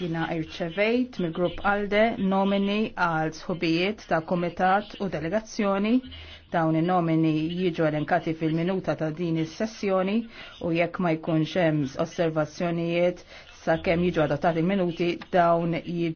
Jina irċevejt mill grupp għalde nomini għal sħubijiet ta' komitat u delegazzjoni. Dawn in-nomini jiġu elenkati fil-minuta ta' din is-sessjoni u jekk ma jkunx hemm osservazzjonijiet sakemm jiġu adottati minuti dawn jiġu